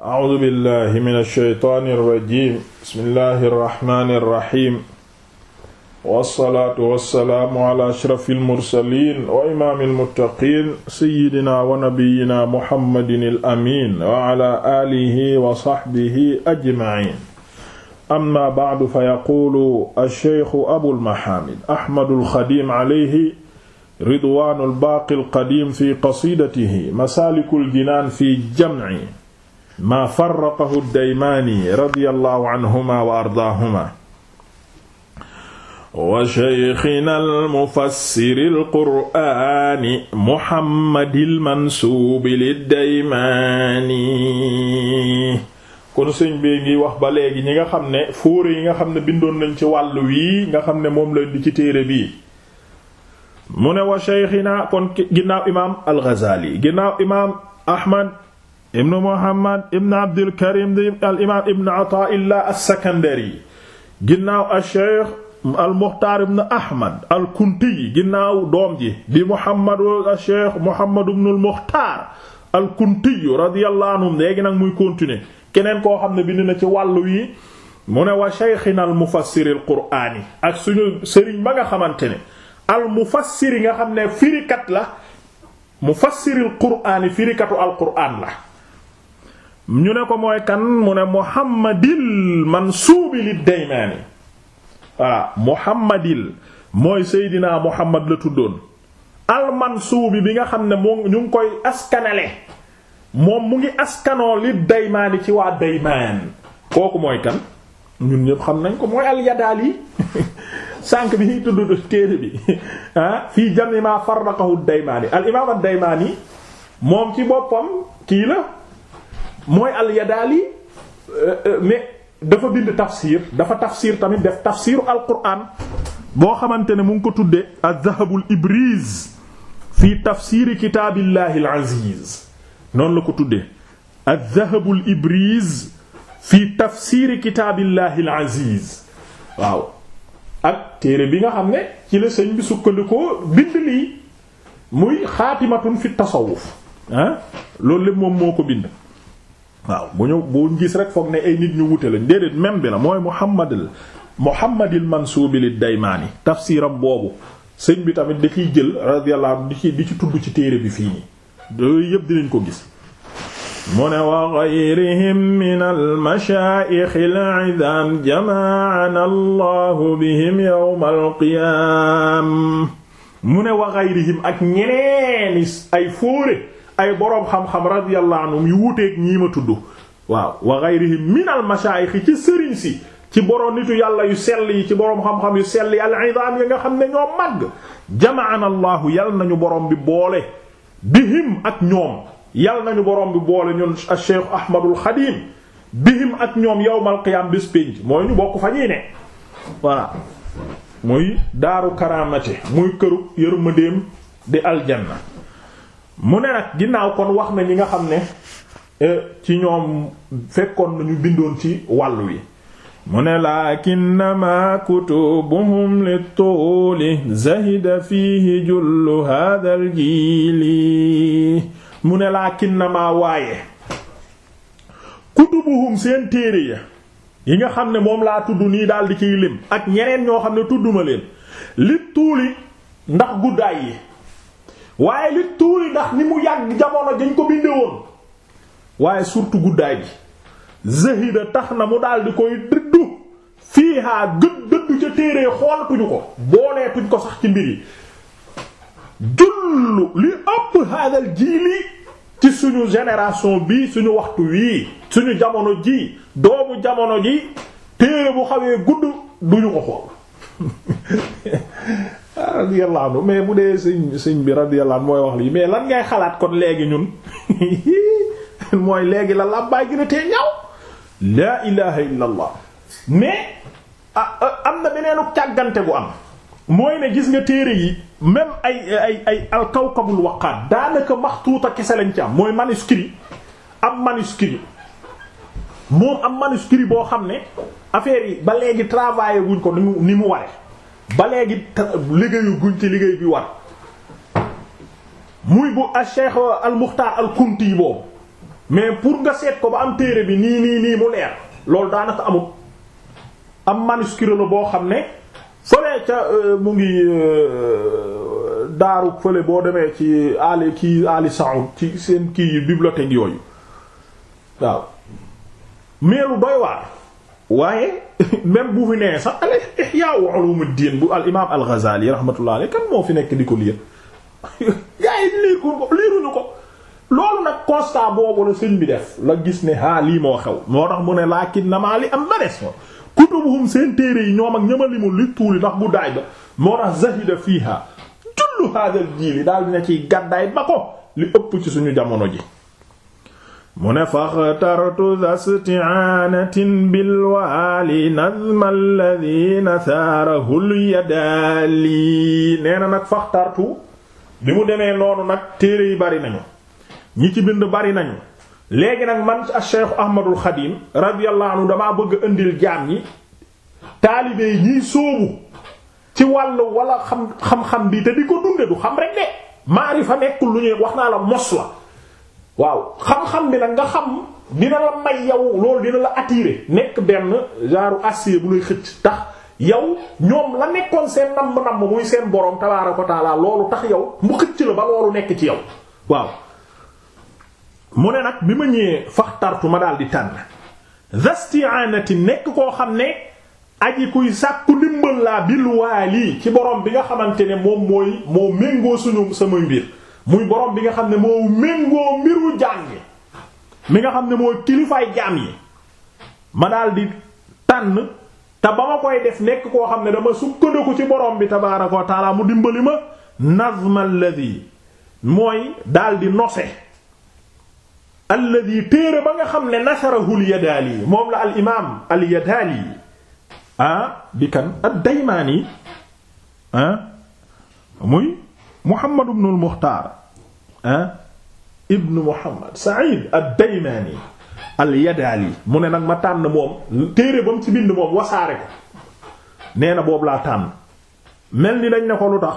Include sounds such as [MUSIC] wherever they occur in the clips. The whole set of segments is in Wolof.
أعوذ بالله من الشيطان الرجيم بسم الله الرحمن الرحيم والصلاة والسلام على أشرف المرسلين وإمام المتقين سيدنا ونبينا محمد الأمين وعلى آله وصحبه أجمعين أما بعد فيقول الشيخ أبو المحامد أحمد الخديم عليه رضوان الباقي القديم في قصيدته مسالك الجنان في جمع maa farraqahu daymaani radiyallahu anhuma wa ardaahuma wa sheykhina almufassiri alqur'aani muhammadil mansuubi liddaymaani kon sëñ bi ngi wax ba léegi ñi nga xam ne fóore yi nga xam ne bindoon nañ ci wàllu wii nga xam ne moom lañ di ci téere bii mu ne wa sheykhina kon ginnaaw imaam al-Ghazali ginnaaw imaam Ahmad ibnu muhammad ibnu abdulkarim di al imaam ibnu ataillah as-sakandari ginnaaw acheikh al muxtaar ibnu ahmad al kunti ginnaaw doom ji di muhammadu acheikh muhammadu ibnu al muxtaar al kunti radiyallahu anhum léegi nag muy continuer keneen koo xam ne bind na ci wàllu yi mu ne wa cheikhina al mufassiri al qur'aani ak su sëriñ ma nga xamante ne al mufassiri nga xam ne firikat la mufassiri al qur'aani firikatu al qur'aan la ñu ne ko mooy kan mu ne muhammadil mansuubi li daymaani voilà muhammadil mooy seydinaa muhammad la tuddoon al mansuubi bi nga xam ne moo ñu ngi koy askanele moom mu ngi askanoo li daymaani ci waa daymaan kooku mooy kan ñun ñëpp xam nañ ko mooy al yadaal yi [LAUGHS] sànq bi ñuy tudd téere bi [LAUGHS] ah fii jami ma farraqahu daymaani al imaam moom ci boppam kii la mooy al-Yadaali euh, euh, mais dafa bind tafsir dafa tafsir tamit def tafsiru al-Qur'an boo xamante ne mu ngi ko tuddee az-Zahabul Ibriz fi tafsiri kitaabillahi al-aziz noonu la ko tuddee az-Zahabul Ibriz fi tafsiri kitaabillahi al-aziz waaw ak téere bi nga xam ne ci la sëñ bi sukkandikoo bind lii muy xaatimatun fi tasawuf loolu lépp moom moo ko bind waaw bu ñu bu gis rek foog ne ay nit ñu wute lañ déedéet même bi la mooy Muhammadul Muhammadil Mansuubi lid Daymaani tafsiram boobu sëñ bi tamit da ciy jël radiyallahu anhu di ci di ci tudd ci téere bi fii nii yooyu yëpp dinañ ko gis mu ne wa gayrihim min almashaayix al-idaam jamaana ne wa ak ay fóore ay boroom xam-xam radiyallahu anhum yu wuteeg ñii ma tudd waaw wa ghayrihim min al mashaayikh ci sëriñ si ci boroom nitu yàlla yu sell yi ci boroom xam-xam yu sell yi al idaam yi nga xam ne ñoo màgg jamaana allahu yal nañu boroom bi boole bihim ak ñoom yal nañu boroom bi boole ñun Cheikh Ahmadul Xadim bihim ak ñoom yawmal qiyaam bis pénc mooy ñu bokk fa ñuy ne voilà muy daaru karaamate muy këru yërmandeem di aljanna mu ne nag ginnaaw kon wax na ñi nga xam ne e, ci ñoom fekkoon nañu bindoon ci wàll wi mu ne lakinnama kutubuhum li tuuli zahida fiihi jullu hadal jiili mu ne lakinnama waaye kutubuhum seen téere ya yi nga xam ne moom laa tudd nii daal di ciy lim ak ñeneen ñoo xam ne tudduma leen li tuuli ndax guddaay yi waaye li tuuri ndax ni mu yàgg jamono dañ ko bindee woon waaye surtout guddaay bi zahida tax na mu daal di koy dëddu fiihaa gëd dëddu ca téere xoolatuñu ko booleetuñ ko sax ci mbir yi jullu li ëpp haadal jiili ci suñu génération bi suñu waxtu wii suñu jamono ji doomu jamono ji téere bu xawee gudd duñu ko xool [LAUGHS] radiyallahu anhu mais bu dee sëñ sëñ bi radiyallahu anhu mooy wax lii mais lan ngay xalaat kon léegi ñun [LAUGHS] mooy léegi la làmbaay gën a tee ñaw laa ilaha illa allah mais ah, ah, am na beneenu càggante bu am mooy ne gis nga téere yi même ay ay ay alkawkabul waqaat daanaka maxtuuta kese lañ ci am mooy manuscrit am manuscrit moom am manuscrit boo xam ne affaire yi ba léegi travaillé guñ ko ni mu ni mu waree ba léegi liggéeyu guñ ci liggéey bi war muy bu al Cheikh al Mukhtar yi boobu mais pour nga seet ko ba am téere bi nii nii nii mu leer loolu daanaka amul am manuscrit boo xam ne fële ca euh, mu ngi euh, daaru fële boo demee ci ali kii ali Saoud ci seen kii bibliothèque yooyu waaw meelu doy waar waaye [LAUGHS] même bu fi nee sax al ihya ulumuddin bu al imaam al Ghazali moo fi nekk di ko liir [LAUGHS] gaa yi liir ko liiruñu ko loolu nag constat boobu la sëñ bi def la gis ne haa lii moo xew moo tax mu ne laakin namaa li am ba des ma kutubuhum seen téere yi ñoom ak ñamalimu li tuuli ndax bu daaj ba moo tax zahida fiiha jullu hadal jiili daal dina ciy gàddaay ba ko li ëpp ci suñu jamono ji mu ne faxtartu dastiaanatin bilwaali nazma alladi nasaarahul yadaali nee na nag faxtartu bi mu demee noonu nag téere yi bari nañu ñi ci bind bari nañu léegi nag man a cheikhu ahmadul xadim radiyallahu anhu damaa bëgg indil jaam ñi taalibe yi ñiy sóobu ci wàll wala xam xam-xam bi te di ko dunde du xam rek de maarifa nekkul lu ñuy wax naa la mos la waaw xam-xam bi nag nga xam dina la may yow loolu dina la attirer nekk benn genre acier bu lay xëcc tax yow ñoom la nekkoon seen namb namb muy seen boroom tabaaraka taala loolu tax yow mu xëcc la ba loolu nekk ci yow waaw mu ne nag bi ma ñëwee faxtartu ma daal di tànn zasti'anati nekk koo xam ne aji kuy sàkku ndimbal laa bil waali ci boroom bi nga xamante ne moom mooy moo méngoo suñu sama mbir muy borom bi nga xam ne moo méngoo mbiru jaam yi mi nga xam ne mooy kilifaay jaam yi ma daal di tànn te ba ma koy def nekk koo xam ne dama sukkandiku ci borom bi tabaaraka wa taala mu dimbali ma nazma alladi mooy daal ba nga xam ne nasarahu moom la al imaam alyadaali ah bi kan ad daymaani ah muy Muhammad ibn al-Mukhtar ah ibn Muhammad Sa'id ad-Daymani al-Yadali mu ne nag ma tànn moom téere ba mu ci bind moom wasaare ko nee na boobu laa tànn mel ni dañ ne ko lu tax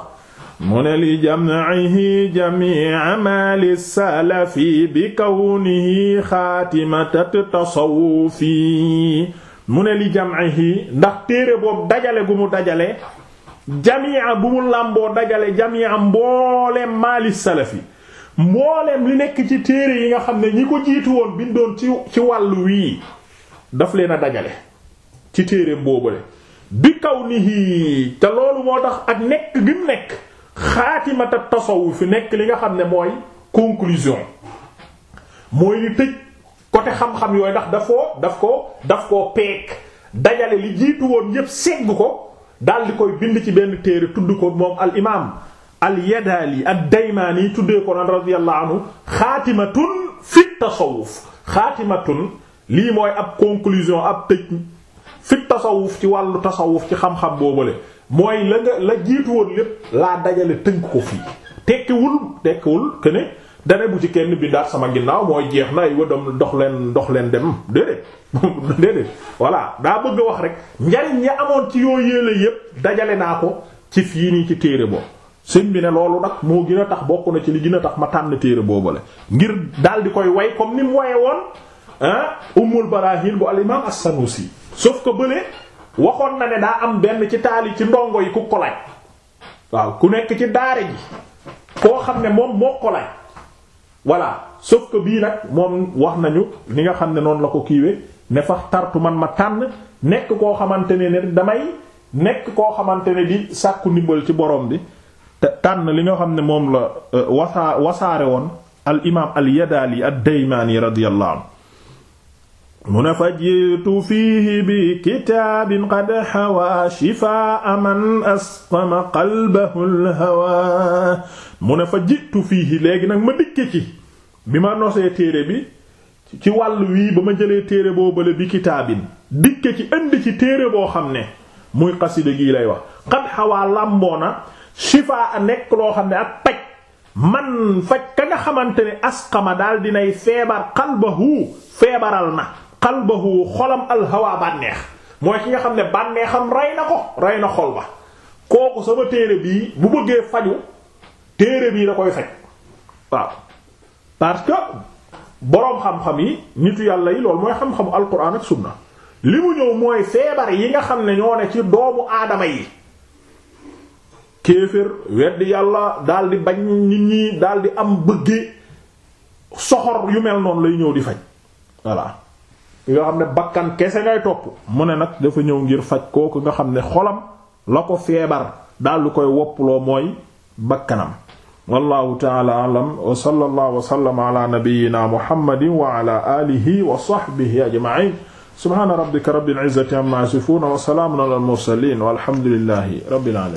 mu ne li jam'ihi jami'a ma lis-salafi bi kawnihi xaatimata tasawufi mu ne li jam'ihi ndax téere boobu dajale gu mu dajale jamia bu mu làmboo dajale jamia mbooleem maali salafi mbooleem li nekk ci téere yi nga xam ne ñi ko jiitu woon bindoon ci ci wàllu wii daf leen a dajale ci téere boobule bi kaw nihi te loolu moo tax ak nekk gi mu nekk xaatimata tasawuf fi nekk li nga xam ne mooy conclusion mooy li tëj côté xam-xam yooyu ndax daf koo daf ko daf koo peek dajale li jiitu woon yépp segg ko daal di koy bind ci benn téere tudd ko moom al imaam al yadaali ad daymaani tuddee ko nan radiyallahu anhu xaatimatun fi tasawuf xaatimatun lii mooy ab conclusion ab tëj fi tasawuf ci wàllu tasawuf ci xam-xam boobale mooy la nga la jiitu woon lépp laa dajale tënk ko fii tekkiwul tekkiwul que ne. dane bu ci kenn bindaat sama ginnaaw mooy jeex na ay wadam dox leen dox leen dem déedéet [LAUGHS] déedéet voilà daa bëgg a wax rek njariñ ya amoon ci yoo yéele yépp dajale naa ko ci fii nii ci téere boobu sëñ loolu nag moo gën tax bokk ci li tax ma tànn téere boobale ngir daal di koy way comme ni mu waye woon Ummul Barahin bu al-Imam as soo sauf que bële waxoon na ne daa am benn ci taal yi ci ndongo yi ku ko waaw ku nekk ci daare ji koo xam ne moom moo ko voilà sauf que bii nag moom wax nañu li nga xam ne noonu la ko kiiwe ne fax tartu man ma tànn nekk koo xamante ne ne damay nekk koo xamante ne di sàkku ndimbal ci borom bi te tànn li nga xam ne moom la euh, wasaa wasaare woon al imaam al yadaali ad daymaani radiyallahu anhu mu ne fa jiitu fiihi bi kitaabin qad xawaa shifaa man asqama qalbahu alhawaa mu ne fa jiitu fiihi léegi nag ma dikke ci bi ma nosee téere bi ci wàll wii ba ma jëlee téere boo bële bi kitaabin dikke ci indi ci téere boo xam ne muy xasida gii lay wax qad xawaa làmboona shifaa a nekk loo xam ne ak paj man faj ka nga xamante ne asqama daal dinay feebar qalbahu feebaral na qalbahu xolam alhawa bànneex mooy ki nga xam ne bànneexam rey na ko rey na xol ba kooku sama téere bii bu bëggee faju téere bii da koy faj waaw parce que boroom xam-xam yi nitu yàlla yi loolu mooy xam-xamu alquran ak sunna li mu ñëw mooy feebar yi nga xam ne ñoo ne ci doomu aadama yi kéefër weddi yàlla daal di bañ nit ñi daal di am bëggee soxor yu mel noonu lay ñëw di faj voilà yoo xam ne bakkan kese ngay topp mu ne nag dafa ñëw ngir faj kooku nga xam ne xolam la ko feebar daal lu koy woppuloo mooy bakkanam wallahu taala alam wa sallallahu wa sallama ala nabiyyina muhammadin wa ala alihi wa sahbihi ajma'in subhana rabbika rabbil izzati amma yasifun wa salamun ala al